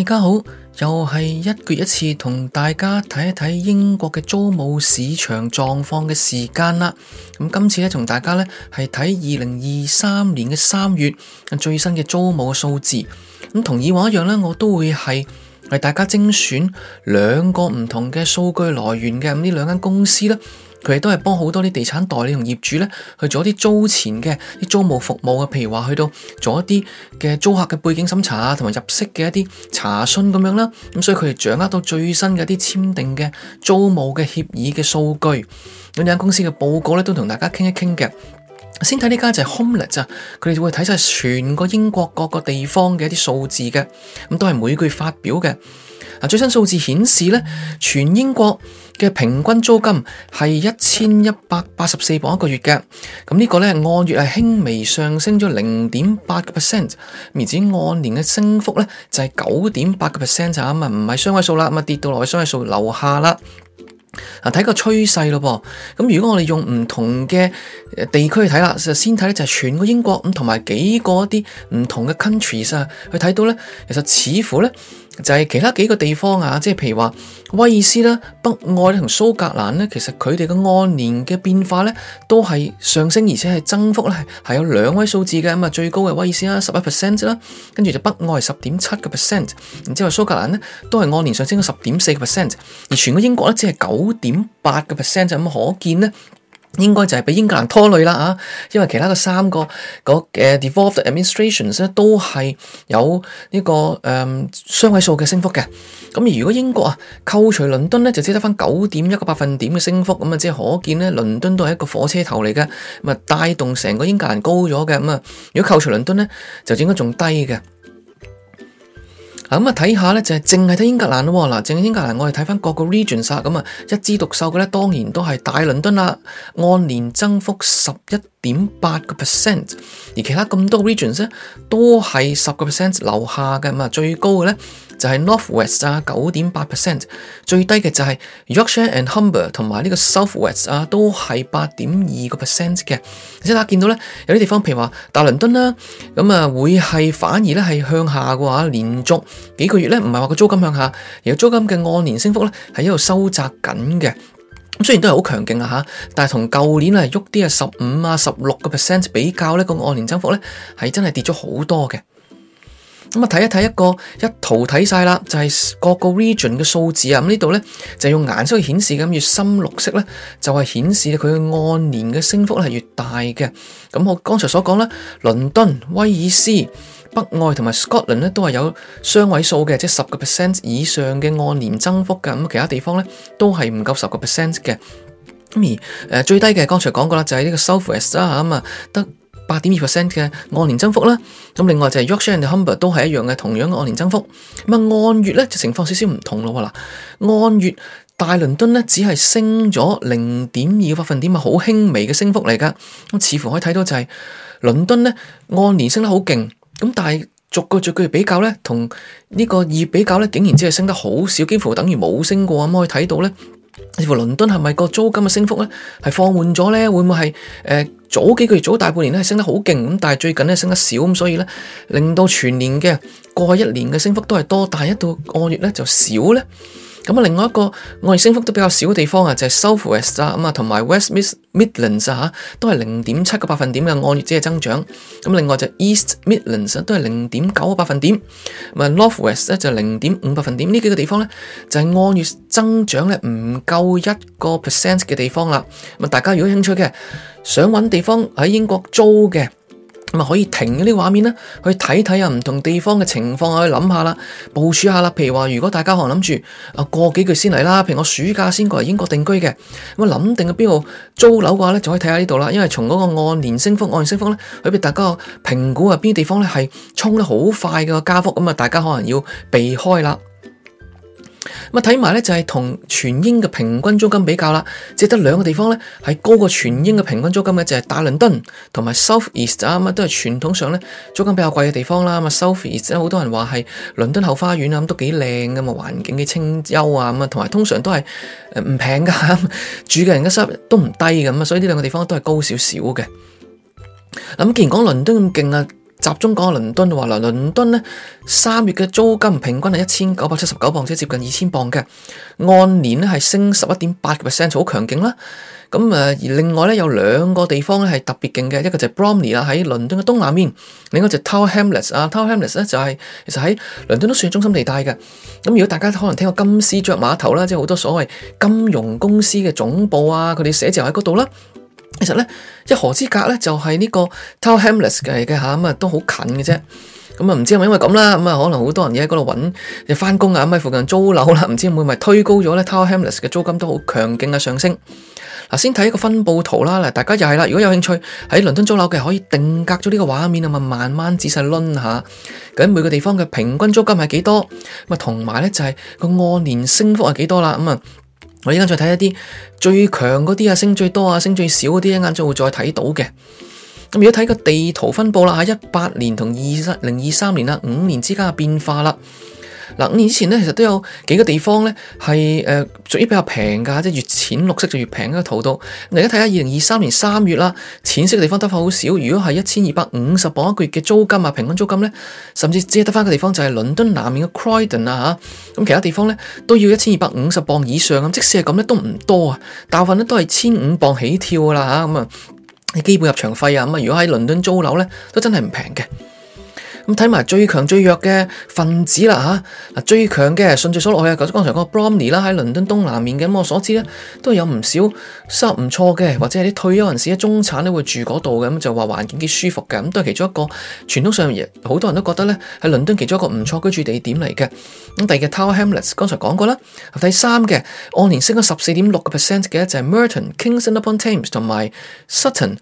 大家好，又係一月一次同大家睇一睇英國嘅租務市場狀況嘅時間啦。咁今次咧，同大家咧係睇二零二三年嘅三月最新嘅租務數字。咁同以往一樣咧，我都會係為大家精選兩個唔同嘅數據來源嘅呢兩間公司咧。佢哋都係幫好多啲地產代理同業主咧，去做一啲租前嘅啲租務服務嘅，譬如話去到做一啲嘅租客嘅背景審查啊，同埋入息嘅一啲查詢咁樣啦。咁、嗯、所以佢哋掌握到最新嘅一啲簽訂嘅租務嘅協議嘅數據。兩間公司嘅報告咧都同大家傾一傾嘅。先睇呢間就係 Homelet 啊，佢哋會睇晒全個英國各個地方嘅一啲數字嘅，咁、嗯、都係每個月發表嘅。啊，最新數字顯示咧，全英國嘅平均租金係一千一百八十四磅一個月嘅，咁呢個咧按月係輕微上升咗零點八個 percent，而至按年嘅升幅咧就係九點八個 percent 就，啊，唔係雙位數啦，咁啊跌到落去雙位數樓下啦。啊，睇個趨勢咯噃，咁如果我哋用唔同嘅地區去睇啦，先睇咧就係全個英國咁，同埋幾個一啲唔同嘅 countries 啊，去睇到咧，其實似乎咧。就係其他幾個地方啊，即係譬如話威爾斯啦、北愛同蘇格蘭咧，其實佢哋嘅按年嘅變化咧，都係上升，而且係增幅咧係有兩位數字嘅，咁啊，最高嘅威爾斯啦十一 percent 啦，跟住就北愛十點七個 percent，然之後蘇格蘭咧都係按年上升咗十點四個 percent，而全個英國咧只係九點八個 percent 就咁，可見咧。應該就係俾英格蘭拖累啦啊！因為其他嘅三個嗰、那個、devolved administrations 咧都係有呢、這個誒、呃、雙位數嘅升幅嘅。咁如果英國啊扣除倫敦咧，就只得翻九點一個百分點嘅升幅。咁、嗯、啊，即係可見咧，倫敦都係一個火車頭嚟嘅，咁啊帶動成個英格蘭高咗嘅。咁、嗯、啊，如果扣除倫敦咧，就應該仲低嘅。咁啊睇下咧，就係淨係睇英格蘭咯、哦。嗱，淨係英格蘭，我哋睇翻各個 region 殺咁啊，一枝獨秀嘅咧，當然都係大倫敦啦、啊，按年增幅十一點八個 percent，而其他咁多 regions 咧都係十個 percent 樓下嘅，咁、啊、咪最高嘅咧，就係 North West 九點八 percent，最低嘅就係 Yorkshire and Humber 同埋呢個 South West、啊、都係八點二個 percent 嘅。即係大家見到咧，有啲地方譬如話大倫敦啦，咁啊會係反而咧係向下嘅話，連續幾個月咧唔係話個租金向下，而個租金嘅按年升幅咧係一路收窄緊嘅。咁雖然都係好強勁啊，但係同舊年啊喐啲十五啊十六個 percent 比較咧，個按年增幅咧係真係跌咗好多嘅。咁啊，睇一睇一個一圖睇晒啦，就係、是、各個 region 嘅數字啊。咁、嗯、呢度咧就用顏色去顯示，咁越深綠色咧就係、是、顯示佢佢按年嘅升幅咧係越大嘅。咁、嗯、我剛才所講咧，倫敦、威爾斯、北愛同埋 Scotland 咧都係有雙位數嘅，即係十個 percent 以上嘅按年增幅嘅。咁、嗯、其他地方咧都係唔夠十個 percent 嘅。咁、嗯、而誒最低嘅，剛才講過啦，就係、是、呢個 Southwest 啦、嗯、嚇嘛，得。八點二 percent 嘅按年增幅啦，咁另外就係 Yorkshire and Humber 都係一樣嘅，同樣嘅按年增幅。咁啊按月咧就情況少少唔同咯喎，嗱，按月大倫敦咧只係升咗零點二個百分點啊，好輕微嘅升幅嚟噶。咁似乎可以睇到就係倫敦咧按年升得好勁，咁但係逐個逐個月比較咧，同呢個二月比較咧，竟然只係升得好少，幾乎等於冇升過啊！咁可以睇到咧，似乎倫敦係咪個租金嘅升幅咧係放緩咗咧？會唔會係誒？早幾個月、早大半年升得好勁，但係最近升得少，咁所以咧令到全年嘅過去一年嘅升幅都係多，但係一到個月咧就少咧。咁啊，另外一個按月升幅都比較少嘅地方、就是、west，啊，就係 South West 啦，咁啊同埋 West Midlands 啊，都係零點七個百分點嘅按月即係增長。咁、啊、另外就 East Midlands、啊、都係零點九個百分點，咁啊 North West 呢就零點五百分點。呢幾個地方呢就係、是、按月增長呢唔夠一個 percent 嘅地方啦。咁啊，大家如果有興趣嘅，想搵地方喺英國租嘅。可以停嗰啲畫面咧，去睇睇啊，唔同地方嘅情況啊，去諗下啦，部署下啦。譬如話，如果大家可能諗住啊，過幾個月先嚟啦，譬如我暑假先過嚟英國定居嘅，咁啊，諗定喺邊度租樓嘅話呢，就可以睇下呢度啦。因為從嗰個按年升幅、按月升幅咧，佢俾大家評估啊，邊啲地方咧係衝得好快嘅加幅，咁啊，大家可能要避開啦。咁啊，睇埋咧就係同全英嘅平均租金比較啦，只得兩個地方咧係高過全英嘅平均租金嘅，就係大倫敦同埋 South East 啊，咁啊都係傳統上咧租金比較貴嘅地方啦。咁啊 South East 咧好多人話係倫敦後花園啊，咁都幾靚噶嘛，環境幾清幽啊，咁啊同埋通常都係誒唔平噶，住嘅人嘅收入都唔低噶，咁啊所以呢兩個地方都係高少少嘅。咁既然講倫敦咁勁啊！集中講下倫敦喎，嗱，倫敦呢，三月嘅租金平均係一千九百七十九磅，即係接近二千磅嘅，按年呢係升十一點八個 percent，好強勁啦。咁誒，而另外呢，有兩個地方咧係特別勁嘅，一個就係 Bromley 啊，喺倫敦嘅東南面；另一個就係 Tower Hamlets 啊，Tower Hamlets 咧就係、是、其實喺倫敦都算中心地帶嘅。咁如果大家可能聽過金絲雀碼頭啦，即係好多所謂金融公司嘅總部啊，佢哋寫字樓喺嗰度啦。其實咧，一河之隔咧就係、是、呢個 Tower Hamlets 嘅嘅吓，咁啊都好近嘅啫。咁啊唔知係咪因為咁啦，咁啊可能好多人喺嗰度揾、翻工啊，咁啊附近租樓啦，唔、啊、知會唔會推高咗咧？Tower Hamlets 嘅租金都好強勁嘅上升。嗱、啊，先睇一個分佈圖啦。嗱，大家又係啦，如果有興趣喺倫敦租樓嘅，可以定格咗呢個畫面啊咪慢慢仔細掄下，究竟每個地方嘅平均租金係幾多？咁啊同埋咧就係、是、個按年升幅係幾多啦？咁啊。啊我而家再睇一啲最強嗰啲啊，升最多啊，升最少嗰啲，一眼就會再睇到嘅。咁如果睇個地圖分布啦，啊，一八年同二零二三年啦，五年之間嘅變化啦。五年之前咧，其實都有幾個地方呢係誒、呃、屬於比較平㗎，即係越淺綠色就越平嘅圖度。你而家睇下二零二三年三月啦，淺色嘅地方得翻好少。如果係一千二百五十磅一個月嘅租金啊，平均租金呢，甚至只得翻個地方就係倫敦南面嘅 Croydon 啦、啊、咁其他地方咧都要一千二百五十磅以上啊。即使係咁咧，都唔多啊。大部分咧都係千五磅起跳㗎啦咁啊，你、嗯、基本入場費啊，咁、嗯、啊，如果喺倫敦租樓咧，都真係唔平嘅。咁睇埋最強最弱嘅分子啦吓，最強嘅順住數落去啊，嗱剛才嗰個 Bromley 啦，喺倫敦東南面嘅，咁我所知咧都有唔少收入唔錯嘅，或者係啲退休人士啊、中產咧會住嗰度嘅，咁就話環境幾舒服嘅，咁都係其中一個傳統上面好多人都覺得咧係倫敦其中一個唔錯居住地點嚟嘅。咁第二嘅 Tower Hamlets 剛才講過啦，第三嘅按年升咗十四點六個 percent 嘅就係 Merton Kingston Upon Thames 同埋 Sutton。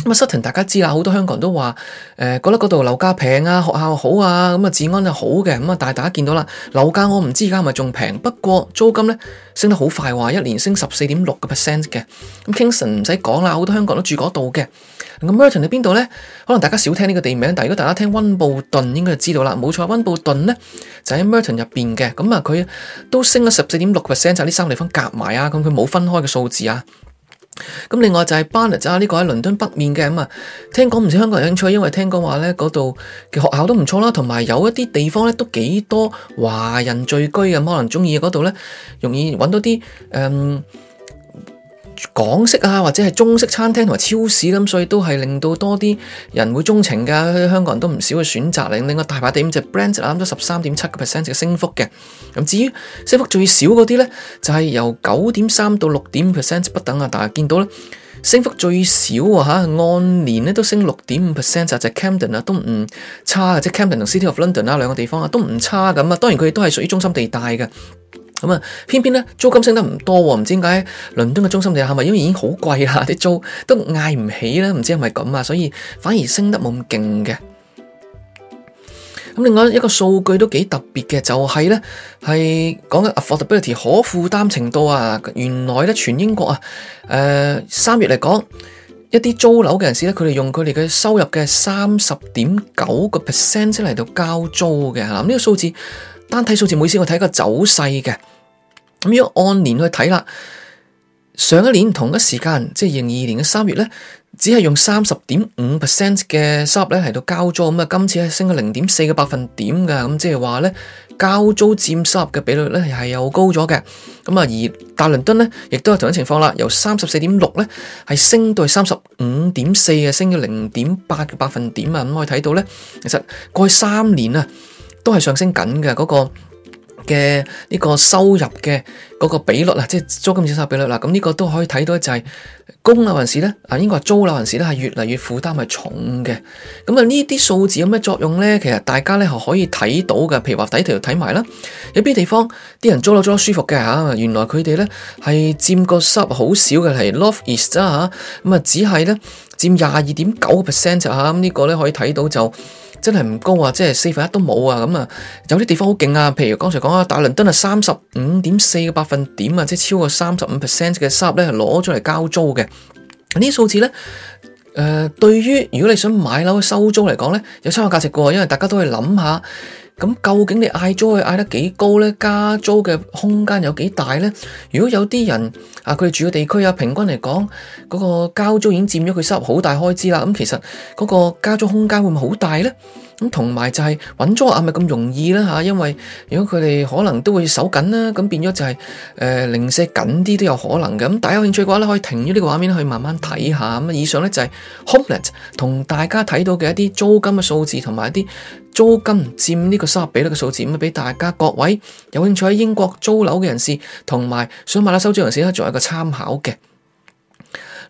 咁啊，Sutton 大家知啦，好多香港人都話，誒、呃、覺得嗰度樓價平啊，學校好啊，咁啊治安又好嘅。咁啊，但係大家見到啦，樓價我唔知而家係咪仲平，不過租金咧升得好快，話一年升十四點六個 percent 嘅。咁 Kingston 唔使講啦，好多香港人都住嗰度嘅。咁 Merton 喺邊度咧？可能大家少聽呢個地名，但係如果大家聽温布頓應該就知道啦。冇錯，温布頓咧就喺 Merton 入邊嘅。咁啊，佢都升咗十四點六 percent，就係、喺、呢三個地方夾埋啊，咁佢冇分開嘅數字啊。咁另外就係 Barnet 啊，呢個喺倫敦北面嘅。咁啊，聽講唔少香港人興趣，因為聽講話咧嗰度嘅學校都唔錯啦，同埋有一啲地方咧都幾多華人聚居，咁可能中意嗰度咧容易揾到啲誒。嗯港式啊，或者係中式餐廳同埋超市咁，所以都係令到多啲人會鍾情㗎。香港人都唔少嘅選擇嚟，令我大把地點就 ed,。點隻 brand 隻啱咗十三點七個 percent 嘅升幅嘅。咁至於升幅最少嗰啲咧，就係、是、由九點三到六點 percent 不等啊。但係見到咧，升幅最少啊按年咧都升六點五 percent 就係、den, 就係、Camden 啊，都唔差啊。即 Camden 同 City of London 啊兩個地方啊都唔差咁啊。當然佢哋都係屬於中心地帶嘅。咁啊，偏偏咧租金升得唔多，唔知點解，倫敦嘅中心地係咪因為已經好貴啦，啲租都嗌唔起咧，唔知係咪咁啊，所以反而升得冇咁勁嘅。咁另外一個數據都幾特別嘅，就係、是、咧係講緊 affordability 可負擔程度啊。原來咧全英國啊，誒、呃、三月嚟講，一啲租樓嘅人士咧，佢哋用佢哋嘅收入嘅三十點九個 percent 先嚟到交租嘅。嗱、這、呢個數字。單睇數字每次我睇個走勢嘅，咁要按年去睇啦。上一年同一時間，即係二零二二年嘅三月咧，只係用三十點五 percent 嘅收入 b 咧嚟到交租咁啊。今次係升咗零點四嘅百分點嘅，咁即係話咧交租佔收入嘅比率咧係又，又高咗嘅。咁啊，而大倫敦咧亦都係同樣情況啦，由三十四點六咧係升到三十五點四嘅，升咗零點八嘅百分點啊。咁可以睇到咧，其實過去三年啊。都係上升緊嘅嗰個嘅呢、這個收入嘅嗰個比率啦，即係租金佔收入比率啦。咁、這、呢個都可以睇到就係供樓人士咧，啊應該話租樓人士咧係越嚟越負擔係重嘅。咁啊呢啲數字有咩作用咧？其實大家咧可可以睇到嘅，譬如話底條睇埋啦，有邊地方啲人租樓租得舒服嘅嚇，原來佢哋咧係佔個 s 好少嘅係 North East 啦嚇，咁啊只係咧佔廿二點九 percent 嚇，咁、這、呢個咧可以睇到就。真係唔高啊，即係四分一都冇啊，咁啊，有啲地方好勁啊，譬如剛才講啊，大倫敦係三十五點四個百分點啊，即係超過三十五 percent 嘅收入咧，係攞咗嚟交租嘅，數呢啲數字咧，誒、呃，對於如果你想買樓收租嚟講咧，有參考價值噶，因為大家都去諗下。咁究竟你嗌租嗌得幾高咧？加租嘅空間有幾大咧？如果有啲人啊，佢住嘅地區啊，平均嚟講，嗰個交租已經佔咗佢收入好大開支啦。咁其實嗰個加租空間會唔會好大咧？同埋就係揾租啊，唔係咁容易啦嚇，因為如果佢哋可能都會手緊啦，咁變咗就係誒零舍緊啲都有可能嘅。咁大家有興趣嘅話咧，可以停咗呢個畫面去慢慢睇下。咁以上咧就係 Homelet 同大家睇到嘅一啲租金嘅數字同埋一啲租金佔呢個收入比率嘅數字。咁，俾大家各位有興趣喺英國租樓嘅人士同埋想買樓收租人士咧，作為一個參考嘅。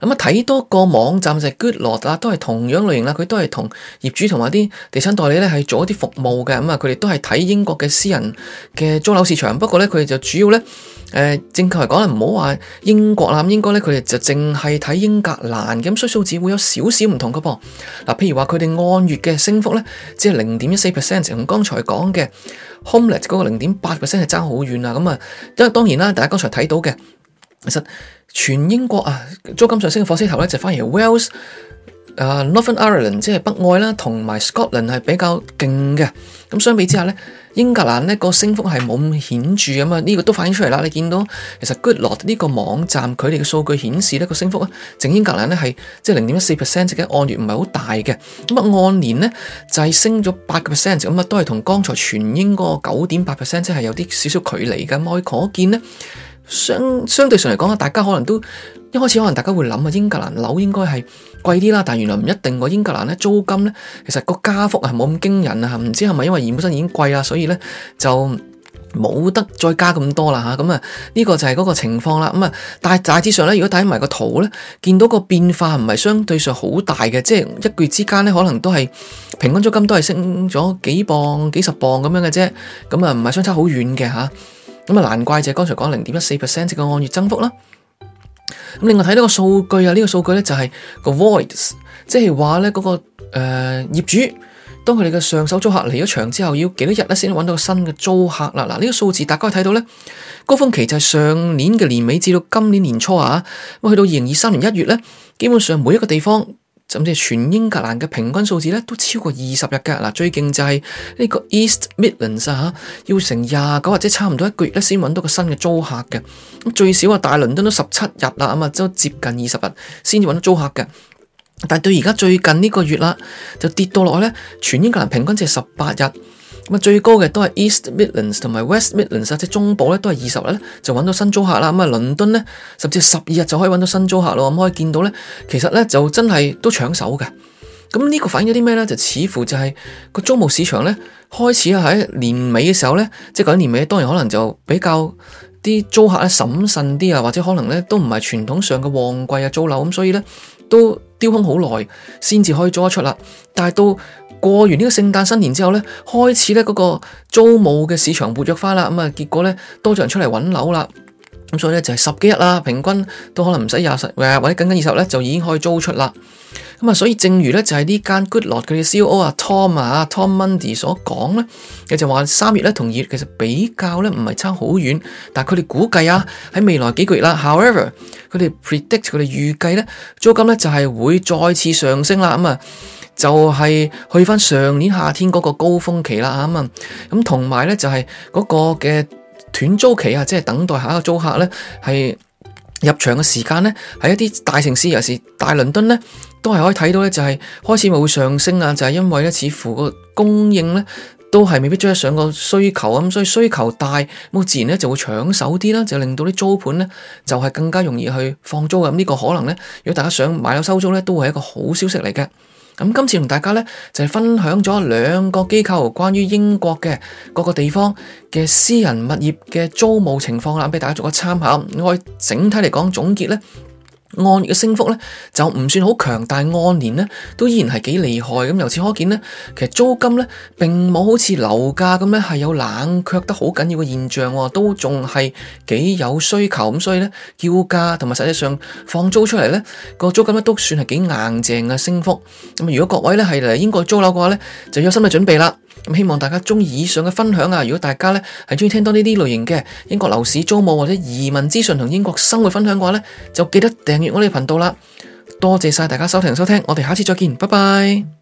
咁啊，睇多個網站就是、Goodlord 啦，都係同樣類型啦。佢都係同業主同埋啲地產代理咧，係做一啲服務嘅。咁啊，佢哋都係睇英國嘅私人嘅租樓市場。不過咧，佢哋就主要咧，誒，正確嚟講啊，唔好話英國啦，咁應該咧，佢哋就淨係睇英格蘭咁，所以數字會有少少唔同嘅噃。嗱，譬如話佢哋按月嘅升幅咧，只係零點一四 percent，同剛才講嘅 HomeLet 嗰個零點八 percent 係爭好遠啦。咁啊，因為當然啦，大家剛才睇到嘅。其實全英國啊，租金上升嘅火車頭咧就反而 Wales，誒 Northern Ireland 即係北愛啦，同埋 Scotland 係比較勁嘅。咁，嗯、相比之下咧，英格蘭咧，嗰個升幅係冇咁顯著，咁啊呢個都反映出嚟啦。你見到其實 Goodlord 呢個網站佢哋嘅數據顯示咧，嗰個升幅啊，淨英格蘭咧係即係零點一四 percent，即係按月唔係好大嘅。咁啊按年咧就係、係，升咗八個 percent，咁啊都係同剛才全英個九點八 percent 即係有啲少少距離嘅，可以可見咧。相相對上嚟講，大家可能都一開始可能大家會諗啊，英格蘭樓應該係貴啲啦，但係原來唔一定英格蘭咧租金咧，其實個加幅係冇咁驚人啊，唔知係咪因為本身已經貴啊，所以咧就冇得再加咁多啦吓，咁啊呢個就係嗰個情況啦，咁啊但係大緻上咧，如果睇埋個圖咧，見到個變化唔係相對上好大嘅，即係一個月之間咧可能都係平均租金都係升咗幾磅、幾十磅咁樣嘅啫，咁啊唔係、啊、相差好遠嘅吓。啊咁啊，難怪就係剛才講零點一四 percent 即個按月增幅啦。另外睇到個數據啊，呢、這個數據咧就係個 void，即係話咧嗰個誒、呃、業主，當佢哋嘅上手租客嚟咗場之後，要幾多日咧先揾到個新嘅租客啦？嗱，呢、這個數字大家可以睇到咧，高峰期就係上年嘅年尾至到今年年初啊，咁去到二零二三年一月咧，基本上每一個地方。甚至全英格蘭嘅平均數字咧都超過二十日嘅，嗱，最勁就係呢個 East Midlands 啊，要成廿九或者差唔多一個月咧先揾到個新嘅租客嘅，咁最少啊大倫敦都十七日啦，咁啊都接近二十日先至揾到租客嘅，但對而家最近呢個月啦，就跌到落去咧，全英格蘭平均淨係十八日。最高嘅都係 East Midlands 同埋 West Midlands 即係中部咧，都係二十日咧就揾到新租客啦。咁啊，倫敦咧甚至十二日就可以揾到新租客咯。咁可以見到咧，其實咧就真係都搶手嘅。咁呢個反映咗啲咩咧？就似乎就係個租務市場咧開始喺年尾嘅時候咧，即係講年尾當然可能就比較啲租客咧審慎啲啊，或者可能咧都唔係傳統上嘅旺季啊租樓，咁所以咧都丟空好耐先至可以租得出啦。但係都過完呢個聖誕新年之後呢，開始呢嗰個租務嘅市場活躍翻啦，咁啊結果呢多咗人出嚟揾樓啦，咁所以呢，就係十幾日啦，平均都可能唔使廿十，或者僅僅二十呢，就已經可以租出啦，咁啊所以正如呢，就係呢間 Good Lord 佢嘅 CEO 啊 Tom 啊 Tom Mundy 所講呢，佢就話三月呢同二月其實比較呢唔係差好遠，但佢哋估計啊喺未來幾個月啦，However 佢哋 predict 佢哋預計呢租金呢，就係會再次上升啦，咁啊。就係去翻上年夏天嗰個高峰期啦嚇啊，咁同埋咧就係、是、嗰個嘅斷租期啊，即係等待下一個租客咧係入場嘅時間咧，喺一啲大城市尤其是大倫敦咧，都係可以睇到咧，就係開始冇上升啊，就係因為咧似乎個供應咧都係未必追得上個需求啊，咁、嗯、所以需求大，咁、嗯、自然咧就會搶手啲啦，就令到啲租盤咧就係、是、更加容易去放租嘅，咁、嗯、呢、這個可能咧，如果大家想買樓收租咧，都係一個好消息嚟嘅。今次同大家咧就是分享咗兩個機構關於英國嘅各個地方嘅私人物業嘅租務情況啦，俾大家做個參考。我整體嚟講總結咧。按月嘅升幅咧就唔算好強大，按年咧都依然係幾厲害。咁由此可見咧，其實租金咧並冇好似樓價咁咧係有冷卻得好緊要嘅現象喎，都仲係幾有需求咁，所以咧叫價同埋實際上放租出嚟咧，個租金咧都算係幾硬淨嘅升幅。咁如果各位咧係嚟英國租樓嘅話咧，就要有心理準備啦。希望大家中意以上嘅分享啊！如果大家咧係中意聽到呢啲類型嘅英國樓市租務或者移民資訊同英國生活分享嘅話呢，就記得訂閱我哋嘅頻道啦！多謝晒大家收聽收聽，我哋下次再見，拜拜。